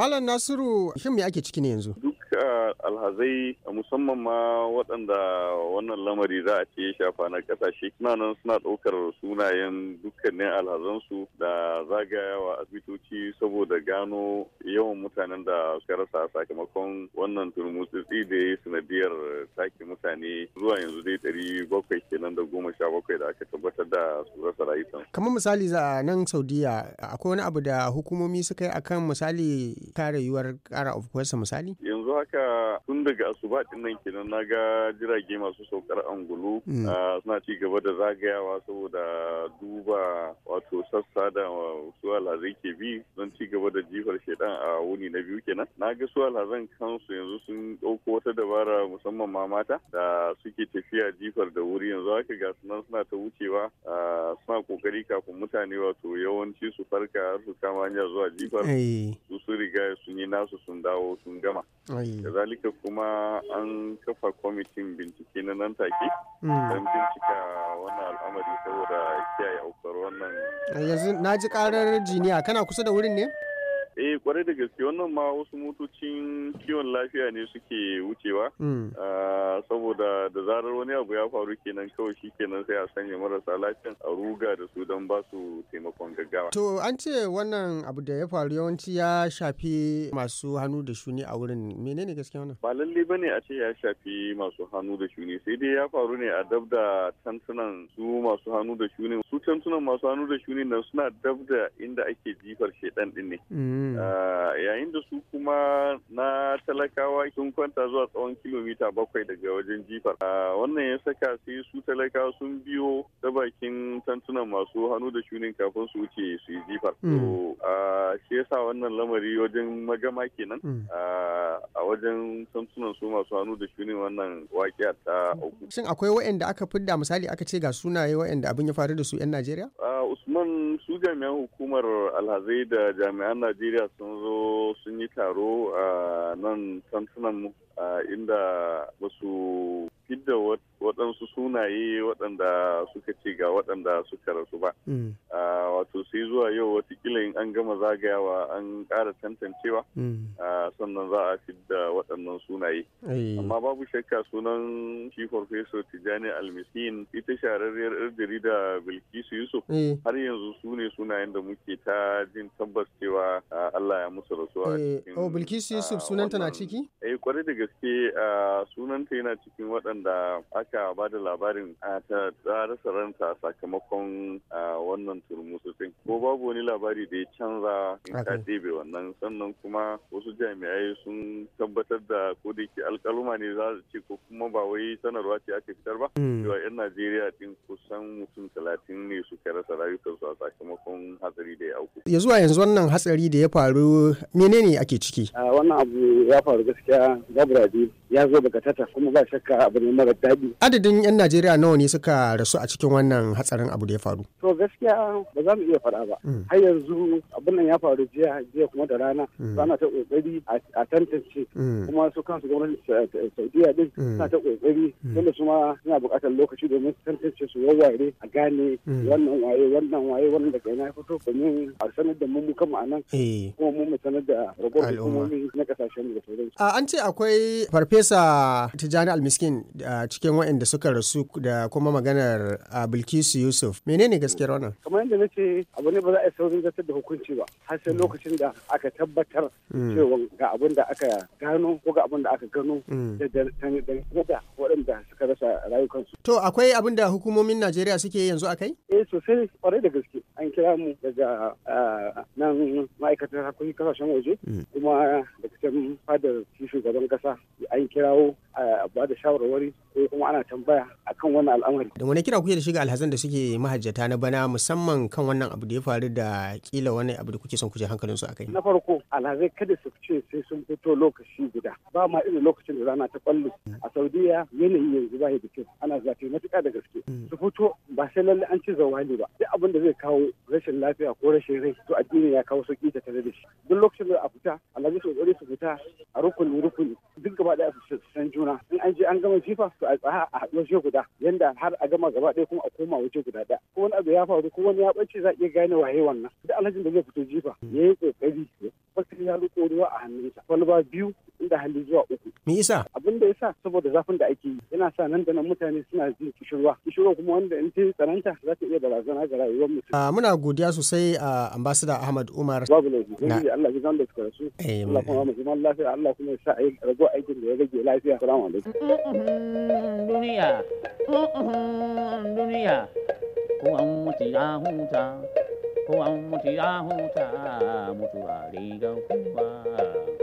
Malam Nasiru shin me ake ciki ne yanzu? a alhazai a musamman ma waɗanda wannan lamari za a ce shafa na ƙasashe suna nan suna ɗaukar sunayen dukkanin alhazansu da zagayawa asibitoci saboda gano yawan mutanen da suka rasa sakamakon wannan turmutsitsi da ya sanadiyar sake mutane zuwa yanzu dai ɗari bakwai kenan da goma sha bakwai da aka tabbatar da su rasa rayukan. kamar misali za a nan saudiya akwai wani abu da hukumomi suka yi akan misali kare yiwuwar ƙara of misali. yanzu haka tun daga asuba din nan kenan na ga jirage masu saukar angulu mm. ah, suna ci gaba da zagayawa saboda duba wato sassa da su alhazai ke bi don ci gaba da jifar shaidan a wuni na biyu kenan na ga su alhazan kansu yanzu sun ɗauko wata dabara musamman ma mata da suke tafiya jifar da wuri yanzu haka ga sunan suna ta wucewa ah, suna kokari kafin mutane wato yawanci su farka su kama hanya zuwa jifar eh. su su riga sun yi nasu sun dawo sun gama ah, Kazalika kuma an kafa kwamitin bincike na nan take hmm. don bincika wannan al'amari saboda kiyaye aukar wannan. Yanzu na ji karar jiniya kana kusa da wurin ne? eh kwarai da gaske wannan ma wasu motocin kiwon lafiya ne suke wucewa hmm. ah, saboda da zarar wani abu ya faru kenan kawai shi kenan sai a sanya marasa lafiyan a ruga da su don ba su taimakon gaggawa to an ce wannan abu da ya faru yawanci ya shafi masu hannu da shuni a wurin menene gaske wannan ba lalle bane a ce ya shafi masu hannu da shuni sai dai ya faru ne a dab da tantunan su masu hannu da shuni su tantunan masu hannu da shuni nan suna dab da inda ake jifar shedan din ne hmm. Hmm. Ah, yayin da su kuma na talaka talakawa sun kwanta zuwa tsawon kilomita bakwai daga wajen jifar wannan ya saka sai su talaka sun biyo ta bakin tantunan masu hannu da shunin kafin su wuce su jifar hmm. to shi yasa wannan lamari wajen magama kenan hmm. a wajen tantunan su masu hannu da shunin wannan waƙiya ta uku shin akwai wa'anda aka fidda misali aka ce ga sunaye wa'anda abin ya faru da su 'yan najeriya usman su jami'an hukumar alhazai da jami'an najeriya sun zo sun yi taro a nan sansunan mu inda wasu fidda waɗansu sunaye waɗanda suka ce ga waɗanda suka rasu ba. Mm. Wato sai zuwa yau watakila in an gama zagayawa an ƙara tantancewa mm. sannan za a fidda waɗannan sunaye. Eh. Amma babu shakka sunan shi Farfesa Tijjani Almisin ita shahararriyar yar jarida Bilkisu Yusuf eh. har yanzu su ne sunayen da muke ta jin tabbas cewa Allah ya musu rasuwa. Eh. Oh, Bilkisu Yusuf sunanta na ciki? Eh kwarai da gaske sunanta yana cikin waɗanda wanda aka ba da labarin ta rasa ranta sakamakon wannan turmusu ko babu wani labari da ya canza in ka debe wannan sannan kuma wasu jami'ai sun tabbatar da ko da yake alƙaluma ne za ce ko kuma ba wai sanarwa ce ake fitar ba hmm. cewa yan najeriya din kusan mutum talatin ne suka rasa rayukansu a sakamakon hatsari da ya auku ya zuwa yanzu wannan hatsari da ya faru menene ake ciki wannan abu ya faru gaskiya gabradi ya zo daga tata kuma ba shakka ne ne mara daɗi. Adadin 'yan Najeriya nawa ne suka rasu a cikin wannan hatsarin abu da ya faru? To gaskiya ba za mu iya faɗa ba. Mm. Har yanzu abin nan ya faru jiya jiya kuma da rana. Mm. Ana ta ƙoƙari a tantance mm. kuma su kansu gwamnati Saudiya din suna ta ƙoƙari wanda su ma suna buƙatar lokaci domin su tantance su wawware a gane wannan waye wannan waye wannan daga ina ya fito domin a sanar da mu kanmu a nan. Eh. Kuma mu sanar da ragowar hukumomi na ƙasashen da sauransu. An ce akwai farfesa Tijjani Almiskin a cikin waɗanda suka rasu da kuma maganar Bilkisu Yusuf. Menene gaskiyar wannan? Kamar yadda nace abu ne ba za a yi saurin zartar da hukunci ba har sai mm. lokacin da aka tabbatar mm. cewa ga abin da aka gano ko ga abin da aka gano mm. da waɗanda suka rasa rayukansu. To akwai abin da hukumomin Najeriya suke yanzu a kai? Eh sosai kwarai da gaske an kira mu daga nan ma'aikatar hakuri kasashen waje kuma daga can fadar shugaban kasa an kirawo a ba da shawarwari ko kuma ana tambaya akan wannan al'amari. Da wani kira kuke da shiga alhazan da suke mahajjata na bana musamman kan wannan abu da ya faru da kila wani abu da kuke son kuje hankalin su akai. Na farko alhazai kada su ce sai sun fito lokaci guda ba ma irin lokacin da rana ta kwallo a Saudiya yanayi yanzu ba da kyau ana zafi matuƙa da gaske mm. su fito ba sai lalle an ci zawali ba sai abin da zai kawo rashin lafiya ko rashin rai to addini ya kawo sauki ta tare da shi duk lokacin da a fita alhazai su kokari su fita a rukuni rukuni duk gaba daya su san juna in an je an gama jifa to a tsaya a haɗu waje guda yanda har a gama gaba daya kuma a koma waje guda daya ko wani abu ya faru ko wani ya bace za a iya gane waye wannan duk alhajin da zai fito jifa ya yi ƙoƙari ya ya ruko ruwa a hannunsa kwalba biyu inda hali zuwa uku. Me yasa? Abin da yasa saboda zafin da ake yi yana sa nan da nan mutane suna jin kishirwa. Kishirwa kuma wanda in ta tsananta za ta iya barazana ga rayuwar mutum. Ah, muna godiya sosai a ah, ambasada Ahmad Umar. Babu laifi. Na. Allah ya zama da suka rasu. Eh, Allah kuma mu lafiya Allah kuma ya sa a yi rago aikin da ya rage lafiya. Salamu alaikum. Mm-hmm, duniya. Mm-hmm, duniya. Ko mutu ya huta. Ko mutu ya huta. a rigar kuma.